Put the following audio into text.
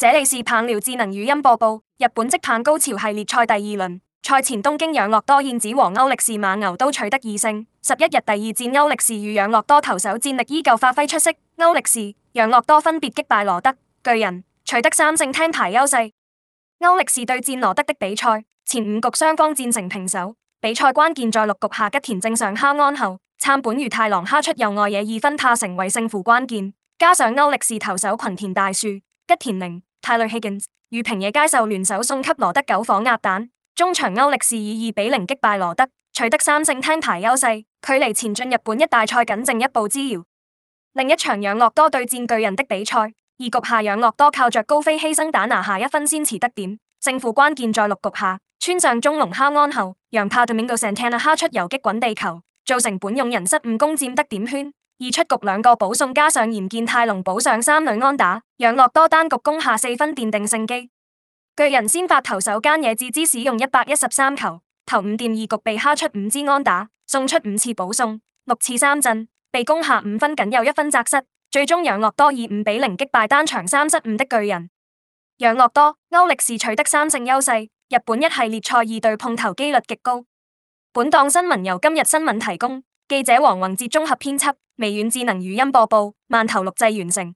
這裏是棒聊，智能語音播報。日本職棒高潮系列賽第二輪賽前，東京養樂多燕子和歐力士猛牛都取得二勝。十一日第二戰，歐力士與養樂多投手戰力依舊發揮出色，歐力士、養樂多分別擊敗羅德、巨人，取得三勝聽牌優勢。歐力士對戰羅德的比賽，前五局雙方戰成平手，比賽關鍵在六局下吉田正上敲安後，杉本裕太郎敲出右外野二分，他成為勝負關鍵。加上歐力士投手群田大樹、吉田寧。泰雷希根與平野佳壽聯手送給羅德九訪鴨蛋，終場歐力士以二比零擊敗羅德，取得三勝聽牌優勢，距離前進日本一大賽僅剩一步之遙。另一場養樂多對戰巨人的比賽，二局下養樂多靠着高飛犧牲打拿下一分，先馳得點，勝負關鍵在六局下，村上中龍敲安後，讓他對面杜成聽阿哈出游擊滾地球，造成本用人失誤攻佔得點圈。二出局兩個保送加上嚴建泰隆保上三壘安打，養樂多單局攻下四分奠定勝機。巨人先發投手菅野智之使用一百一十三球，投五點二局被敲出五支安打，送出五次保送，六次三振被攻下五分，僅有一分窄失。最終養樂多以五比零擊敗單場三失誤的巨人。養樂多歐力士取得三勝優勢，日本一系列賽二對碰頭幾率極高。本檔新聞由今日新聞提供。記者王宏哲綜合編輯，微軟智能語音播報，饅頭錄製完成。